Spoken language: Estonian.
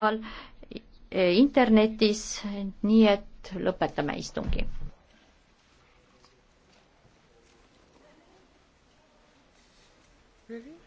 Äh, internetis, nii et lõpetame istungi. Really?